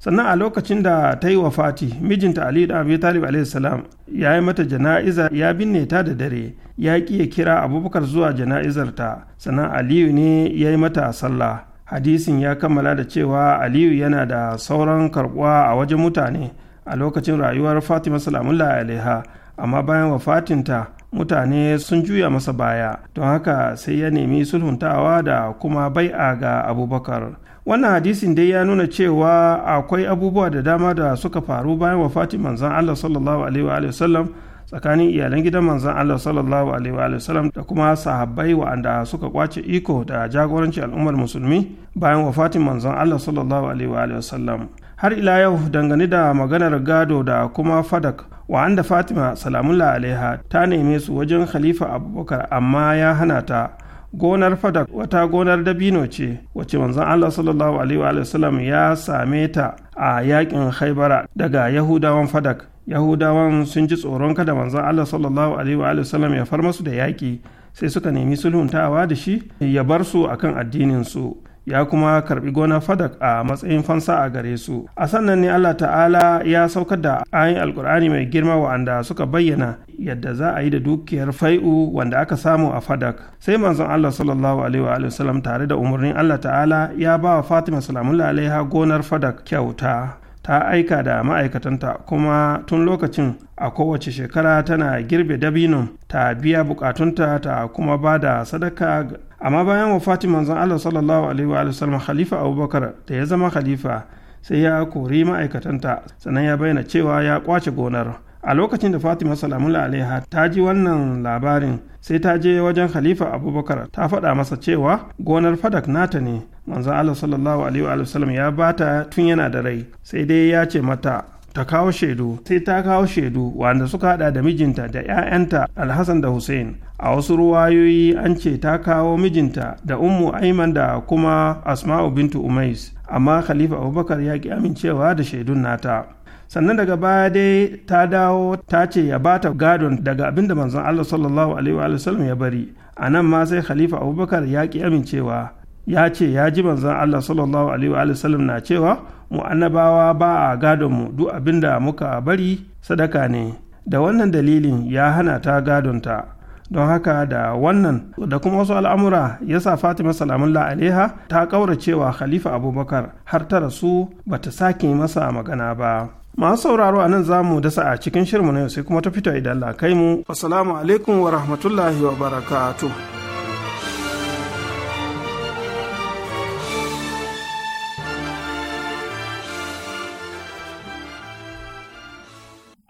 sannan a lokacin da ta yi wa fati mijinta ali da abi talib salam ya yi mata jana'iza ya binne ta da dare ya ƙi ya kira abubakar zuwa jana'izar ta sannan aliyu ne ya yi mata sallah hadisin ya kammala da cewa aliyu yana da sauran karbuwa a wajen mutane a lokacin rayuwar fatima salamullah alaiha amma bayan wafatinta mutane sun juya masa baya don haka sai ya nemi sulhuntawa da kuma bai a ga abubakar wannan hadisin dai ya nuna cewa akwai abubuwa da dama da suka faru bayan wafatin manzon allah sallallahu alaihi wa sallam tsakanin iyalan gidan manzon Allah sallallahu alaihi wa sallam da kuma sahabbai wa'anda suka kwace iko da jagoranci al'ummar musulmi bayan wafatin manzon Allah sallallahu alaihi wa sallam har ila yau dangane da maganar gado da kuma fadak wa'anda Fatima salamullah alaiha ta neme su wajen Khalifa Abubakar amma ya hana ta gonar fadak wata gonar dabino ce wacce manzon Allah sallallahu alaihi wa sallam ya same ta a yakin Khaibara daga Yahudawan fadak yahudawan sun ji tsoron kada manzon allah sallallahu alaihi wa sallam ya far masu da yaƙi sai suka nemi sulhuntawa da shi ya bar su akan addinin su ya kuma karbi gonar fadak a matsayin fansa a gare su a sannan ne allah ta'ala ya saukar da ayin alkur'ani mai girma wa'anda suka bayyana yadda za a yi da dukiyar fai'u wanda aka samu a fadak sai manzon allah sallallahu alaihi wa sallam tare da umarnin allah ta'ala ya ba wa fatima salamun alaiha gonar fadak kyauta ta aika da ma'aikatanta kuma tun lokacin a kowace shekara tana girbe dabinon ta biya bukatunta ta kuma ba da sadaka amma bayan wafatin manzon Allah sallallahu alaihi wa sallam khalifa Abubakar da ya zama khalifa sai ya kori ma'aikatanta sannan ya bayyana cewa ya kwace gonar a lokacin da fatima salamula alaiha ta ji wannan labarin sai ta je wajen khalifa abubakar ta faɗa masa cewa gonar fadak nata ne manzon allah sallallahu alaihi wa sallam ya bata tun yana da rai sai dai ya ce mata ta kawo shaidu sai ta kawo shaidu wanda suka hada da mijinta da 'ya'yanta alhassan da hussein a wasu ruwayoyi an ce ta kawo mijinta da ummu aiman da kuma asma'u bintu umais amma khalifa abubakar ya ki amincewa da shaidun nata sannan daga baya dai ta dawo ta ce ya bata gadon daga abinda da manzon Allah sallallahu alaihi wa sallam ya bari a nan ma sai khalifa abubakar ya ki amincewa ya ce ya ji manzon Allah sallallahu alaihi wa sallam na cewa mu annabawa ba a gadon mu duk abin da muka bari sadaka ne da wannan dalilin ya hana ta gadonta don haka da wannan da kuma wasu al'amura ya sa fatima Salamun alaiha ta cewa khalifa abubakar har ta rasu ba bata sake masa magana ba masu sauraro a nan za mu dasa a cikin shirmu na yau sai kuma ta fito idan la kai mu assalamu alaikum wa rahmatullahi wa barakatu.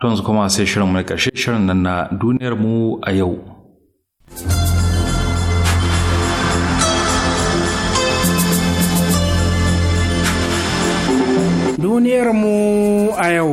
Tunzu kuma sai shirin na ƙarshe shirin nan na duniyar mu a yau. duniyarmu a yau.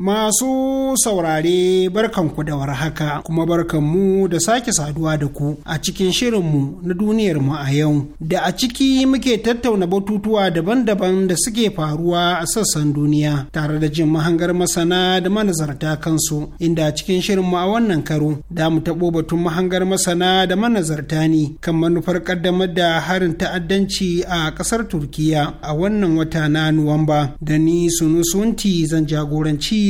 Masu saurare barkan ku da warhaka kuma barkanmu da sake saduwa da ku a cikin shirin mu na duniyar mu a yau da a ciki muke tattauna batutuwa daban-daban da suke faruwa a sassan duniya tare da jin mahangar masana da manazarta kansu inda a cikin mu a wannan karo da mu taɓo batun mahangar masana da manazarta ne kan manufar ƙaddamar da harin ta'addanci a ƙasar Turkiya a wannan wata na Nuwamba da ni Sunusunti zan jagoranci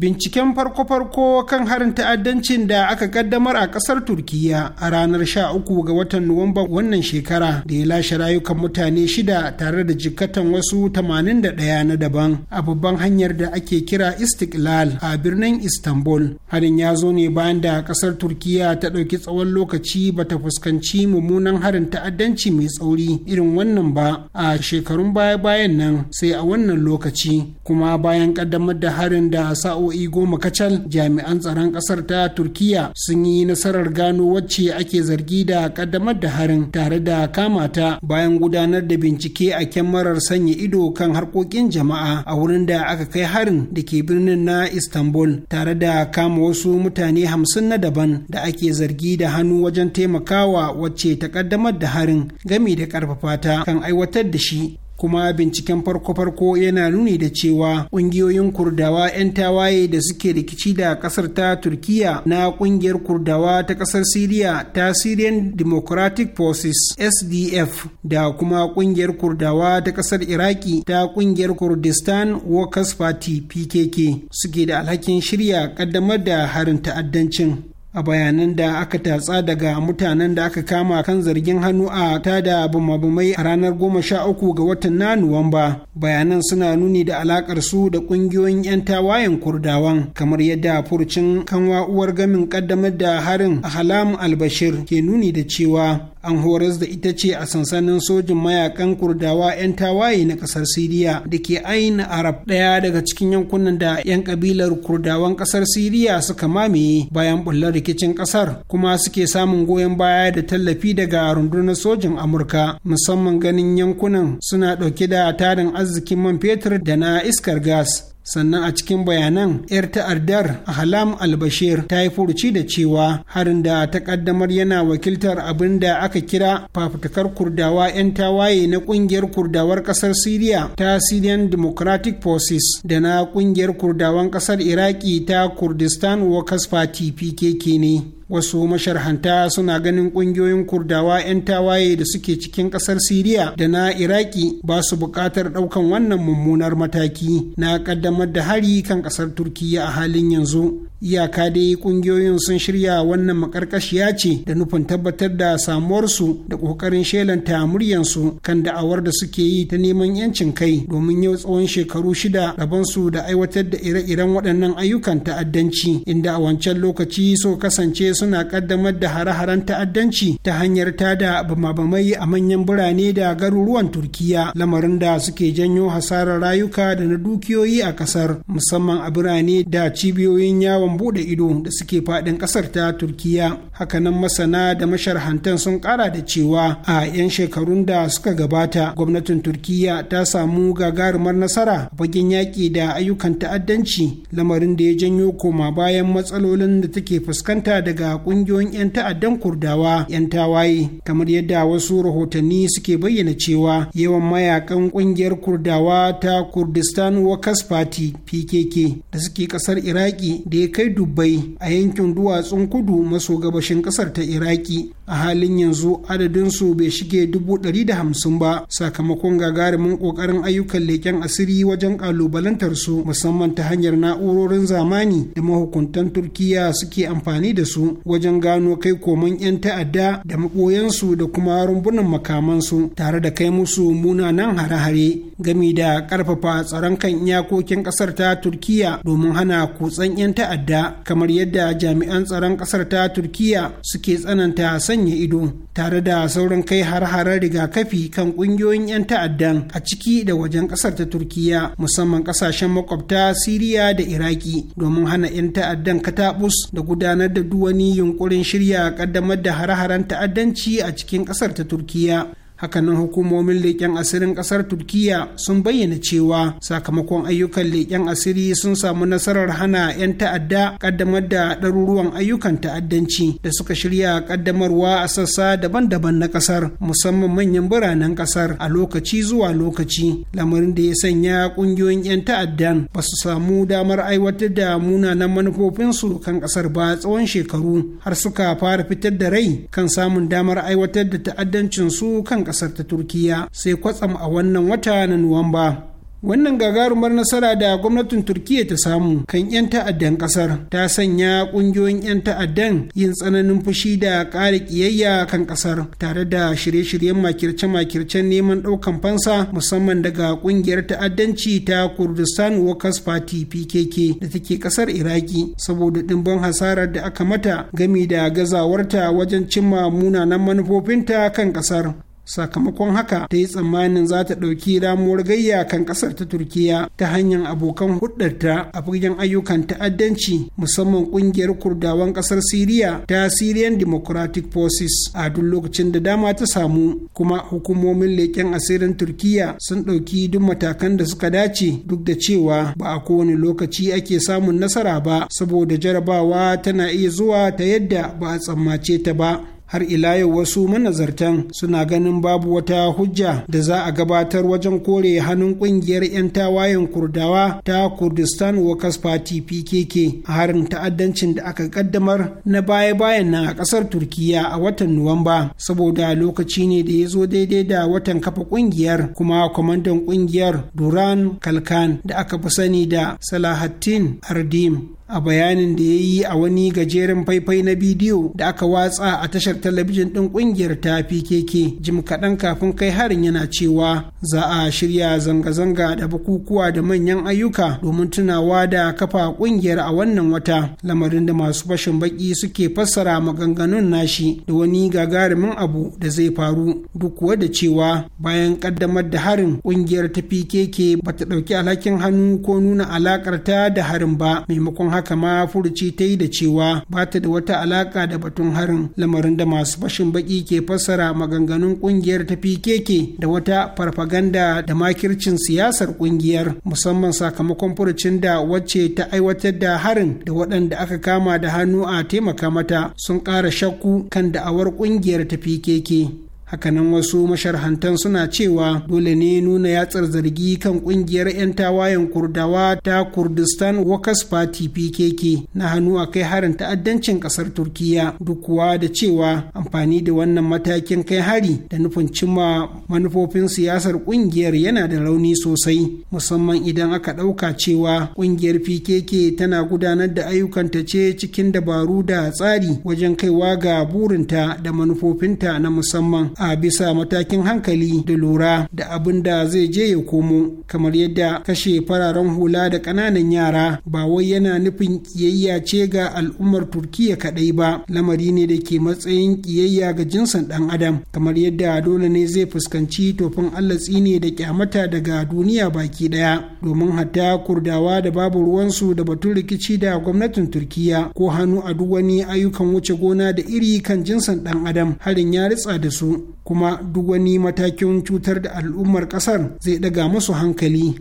binciken farko-farko kan harin ta'addancin da aka kaddamar a kasar turkiya a ranar 13 ga watan nuwamba wannan shekara da ya lashe rayukan mutane shida tare da jikatan wasu 81 na daban a babban hanyar da ake kira istiklal a birnin istanbul harin ya zo ne bayan da kasar turkiya ta ɗauki tsawon lokaci ba ta fuskanci mummunan harin ta'addanci mai tsauri irin wannan ba a shekarun baya-bayan nan sai a wannan lokaci kuma bayan kaddamar da harin da sa'o sa'o'i goma kacal jami'an tsaron ƙasar ta turkiya sun yi nasarar gano wacce ake zargi da ƙaddamar da harin tare da kamata bayan gudanar da bincike a kyamarar sanya ido kan harkokin jama'a a wurin da aka kai harin da ke birnin na istanbul tare da kama wasu mutane hamsin na daban da ake zargi da hannu wajen taimakawa wacce ta ƙaddamar da harin gami da ƙarfafa ta kan aiwatar da shi kuma binciken farko-farko yana nuni da cewa ƙungiyoyin kurdawa 'yan tawaye da suke rikici da ƙasar ta turkiya na ƙungiyar kurdawa ta ƙasar siriya ta syrian democratic forces sdf da kuma ƙungiyar kurdawa ta ƙasar iraki ta ƙungiyar kurdistan workers party pkk suke da alhakin shirya ƙaddamar da harin ta'addancin a bayanan da aka tatsa daga mutanen da aka kama kan zargin hannu a tada bumabumai a ranar goma sha uku ga watan na nuwamba bayanan suna nuni da alakar su da kungiyoyin 'yan tawayen kurdawan kamar yadda furcin kanwa uwar gamin kaddamar da harin a halam albashir ke nuni da cewa an horas da ita ce a sansanin sojin mayakan kurdawa 'yan tawaye na kasar siriya da ke aina arab daya daga cikin yankunan da 'yan kabilar kurdawan kasar siriya suka mamaye bayan bullar rikicin kasar kuma suke samun goyon baya da tallafi daga rundunar sojin amurka musamman ganin yankunan suna dauke da tarin arzikin man fetur da na iskar gas sannan a cikin bayanan 'yar ta'addar ahlam albashir ta yi furuci da cewa harin da ta kaddamar yana wakiltar abin da aka kira fafutukar kurdawa 'yan tawaye na kungiyar kurdawar kasar siriya ta syrian democratic forces da na kungiyar kurdawan kasar iraki ta kurdistan workers party pkk ne wasu masharhanta suna ganin kungiyoyin kurdawa 'yan tawaye da suke cikin kasar siriya da na iraki ba su buƙatar ɗaukan wannan mummunar mataki na ƙaddamar da hari kan ƙasar turkiya a halin yanzu iyaka dai kungiyoyin sun shirya wannan makarkashiya ce da nufin tabbatar da samuwarsu da ƙoƙarin shelanta muryansu kan da'awar da suke yi ta neman yancin kai domin yau tsawon shekaru shida rabonsu da aiwatar da ire-iren waɗannan ayyukan ta'addanci inda a wancan lokaci so kasance suna kaddamar da hare-haren ta'addanci ta hanyar tada bamabamai a manyan birane da garuruwan turkiya lamarin da suke janyo hasarar rayuka da na dukiyoyi a kasar musamman a birane da cibiyoyin yawon bude ido da suke fadin kasar ta turkiya hakanan masana da masharhantan sun kara da cewa a 'yan shekarun da suka gabata gwamnatin turkiya ta samu gagarumar nasara fagen yaƙi da ayyukan ta'addanci lamarin da ya janyo koma bayan matsalolin da take fuskanta daga kungiyoyin 'yan ta'addan kurdawa 'yan tawaye kamar yadda wasu rahotanni suke bayyana cewa yawan mayakan kungiyar kurdawa ta kurdistan workers party pkk da suke kasar iraki da ya kai dubbai a yankin duwatsun kudu maso gabashin kasar ta iraki a halin yanzu adadin su bai shige dubu ɗari da hamsin ba sakamakon gagarumin ƙoƙarin ayyukan leƙen asiri wajen ƙalubalantar su musamman ta hanyar na'urorin zamani da mahukuntan turkiya suke amfani da su wajen gano kai koman 'yan ta'adda da maɓoyansu da kuma rumbunan makamansu tare da kai musu munanan hare-hare gami da ƙarfafa tsaron kan iyakokin ƙasar ta turkiya domin hana kutsan 'yan ta'adda kamar yadda jami'an tsaron ƙasar ta turkiya suke tsananta sanya ido tare da sauran kai har-haren rigakafi kan ƙungiyoyin 'yan ta'addan a ciki da wajen ƙasar ta turkiya musamman ƙasashen makwabta siriya da iraki domin hana 'yan ta'addan katabus da gudanar da duwani wani yunkurin shirya kaddamar da hare-haren ta'addanci a cikin kasar ta turkiya hakanan hukumomin leƙen asirin ƙasar turkiya sun bayyana cewa sakamakon ayyukan leƙen asiri sun samu nasarar hana 'yan ta'adda ƙaddamar da ɗaruruwan ayyukan ta'addanci da suka shirya ƙaddamarwa a sassa daban-daban na ƙasar musamman manyan biranen ƙasar a lokaci zuwa lokaci lamarin da ya sanya ƙungiyoyin 'yan ta'addan ba su samu damar aiwatar da munanan manufofinsu kan ƙasar ba tsawon shekaru har suka fara fitar da rai kan samun damar aiwatar da ta'addancinsu kan ƙasar ta turkiya sai kwatsam a wannan wata na nuwamba wannan gagarumar nasara da gwamnatin turkiya ta samu kan 'yan ta'addan kasar ta sanya kungiyoyin 'yan ta'addan yin tsananin fushi da ƙara ƙiyayya kan kasar tare da shirye-shiryen makirce-makircen neman ɗaukan fansa musamman daga ƙungiyar ta'addanci ta kurdistan workers party pkk da take kasar iraki saboda ɗimbin hasarar da aka mata gami da gazawarta wajen cimma munanan manufofinta kan kasar sakamakon haka ta yi tsammanin za ta ɗauki ramuwar gayya kan ƙasar ta turkiya ta hanyar abokan hudarta a fagen ayyukan ta'addanci musamman ƙungiyar kurdawan ƙasar siriya ta syrian democratic forces a duk lokacin da dama ta samu kuma hukumomin leƙen asirin turkiya sun ɗauki duk matakan da suka dace duk da cewa ba a kowane lokaci ake samun nasara ba saboda jarabawa tana iya zuwa ta yadda ba a tsammace ta ba har ila yau wasu manazartan suna ganin babu wata hujja da za a gabatar wajen kore hannun kungiyar 'yan tawayen kurdawa ta kurdistan workers party pkk a harin ta'addancin da aka kaddamar na baya-bayan nan a kasar turkiya a watan nuwamba saboda lokaci ne da ya zo daidai da watan kafa kungiyar kuma kwamandan kungiyar duran kalkan da aka fi sani da salahattin ardim a bayanin da ya yi a wani gajeren faifai na bidiyo da aka watsa a tashar talabijin ɗin ƙungiyar ta pkk jim kaɗan kafin kai harin yana cewa za a shirya zanga-zanga da bukukuwa da manyan ayyuka domin tunawa da kafa ƙungiyar a wannan wata lamarin da masu fashin baki suke fassara maganganun nashi da wani gagarumin abu da zai faru duk kuwa da cewa bayan ƙaddamar da harin ƙungiyar ta pkk ba ta ɗauki alhakin hannu ko nuna alaƙar ta da harin ba maimakon haka ma furuci ta yi da cewa ba ta da wata alaka da batun harin lamarin da masu fashin baki ke fassara maganganun kungiyar ta PKK da wata farfaganda da makircin siyasar kungiyar musamman sakamakon furucin da wacce ta aiwatar da harin da waɗanda aka kama da hannu a taimaka mata sun ƙara shakku kan da'awar kungiyar ta PKK. hakanan wasu masharhantan suna cewa dole ne nuna yatsar zargi kan kungiyar 'yan tawayen kurdawa ta kurdistan workers party pkk na hannu a kai harin ta'addancin kasar turkiya duk kuwa da cewa amfani da wannan matakin kai hari da nufin cimma manufofin siyasar kungiyar yana da rauni sosai musamman idan aka ɗauka cewa kungiyar pkk tana gudanar da ayyukanta ce cikin dabaru da tsari wajen kaiwa ga burinta da manufofinta na musamman a bisa matakin hankali da lura da abin da zai je ya komo kamar yadda kashe fararen hula da ƙananan yara ba wai yana nufin ƙiyayya ce ga al'ummar turkiya kaɗai ba lamari ne da ke matsayin ƙiyayya ga jinsin ɗan adam kamar yadda dole ne zai fuskanci tofin allah tsine da kyamata daga duniya baki ɗaya domin hatta kurdawa da babu ruwansu da batun rikici da gwamnatin turkiya ko hannu a duk wani ayyukan wuce gona da iri kan jinsin ɗan adam harin ya ritsa da su kuma duk wani matakin cutar da al'ummar kasar zai daga musu hankali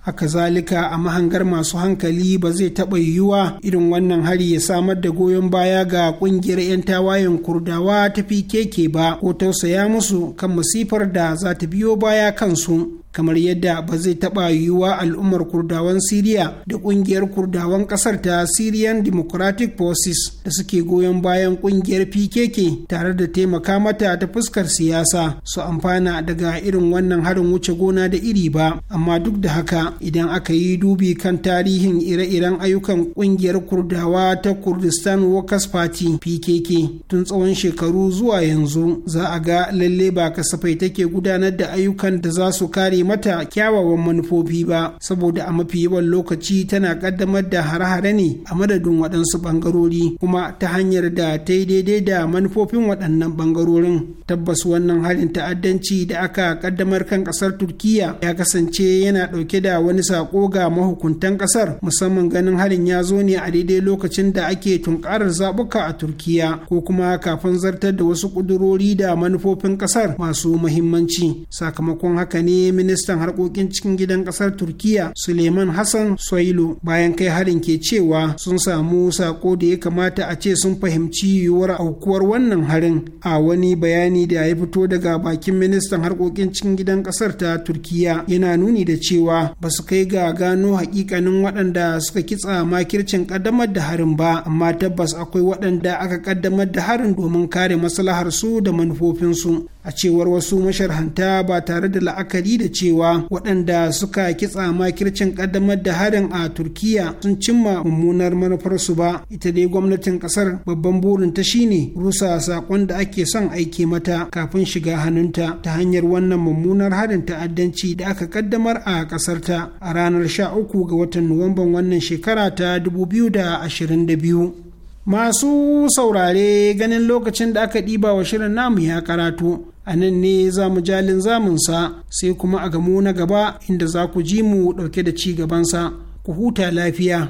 haka zalika a mahangar masu hankali ba zai taɓa yiwuwa irin wannan hari ya samar da goyon baya ga ƙungiyar 'yan tawayen kurdawa ta keke ba ko tausaya musu kan masifar da za ta biyo baya kansu kamar yadda ba zai taɓa yiwuwa al'ummar kurdawan siriya da ƙungiyar kurdawan ƙasar ta syrian democratic forces da suke goyon bayan ƙungiyar pkk tare da taimaka mata ta fuskar siyasa su amfana daga irin wannan harin wuce gona da iri ba amma duk da haka idan aka yi dubi kan tarihin ire-iren ayyukan ƙungiyar kurdawa ta kurdistan workers party pkk tun tsawon shekaru zuwa yanzu za a ga lalle ba kasafai take gudanar da ayyukan da za su kare kare mata kyawawan manufofi ba saboda a mafi yawan lokaci tana kaddamar da hare-hare ne a madadin waɗansu ɓangarori kuma ta hanyar da ta yi daidai da manufofin waɗannan bangarorin tabbas wannan halin ta'addanci da aka kaddamar kan ƙasar turkiya ya kasance yana ɗauke da wani saƙo ga mahukuntan ƙasar musamman ganin halin ya zo ne a daidai lokacin da ake tunkarar zaɓuka a turkiya ko kuma kafin zartar da wasu ƙudurori da manufofin ƙasar masu muhimmanci sakamakon haka ne ministan harkokin cikin gidan kasar turkiya suleiman hassan soilu bayan kai harin ke cewa sun samu sako da ya kamata a ce sun fahimci yiwuwar aukuwar wannan harin a wani bayani da ya fito daga bakin ministan harkokin cikin gidan kasar ta turkiya yana nuni da cewa ba su kai ga gano hakikanin waɗanda suka kitsa makircin kaddamar da harin ba amma tabbas akwai waɗanda aka kaddamar da harin domin kare maslahar su da manufofinsu a cewar wasu masharhanta ba tare da la'akari da cewa waɗanda suka kitsa makircin ƙaddamar da harin a turkiya sun cimma mummunar manufarsu ba ita dai gwamnatin ƙasar babban burin ta shine rusa saƙon da ake son aiki mata kafin shiga hannunta ta hanyar wannan mummunar harin ta'addanci da aka ƙaddamar a ƙasarta a ranar 13 ga watan nuwamban wannan shekara ta 2022 Masu saurare ganin lokacin da aka ɗiba wa shirin namu ya karatu, a nan ne za mu jalin zamunsa sai kuma a gamu na gaba inda za ku ji mu ɗauke da ci gabansa, ku huta lafiya.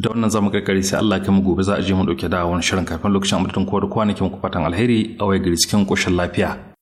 da wannan zamu karkare sai Allah kai mu gobe za a je mu dauke da shirin kafin lokacin amurtun kowa kwanakin ku fatan alheri a waye gari cikin koshin lafiya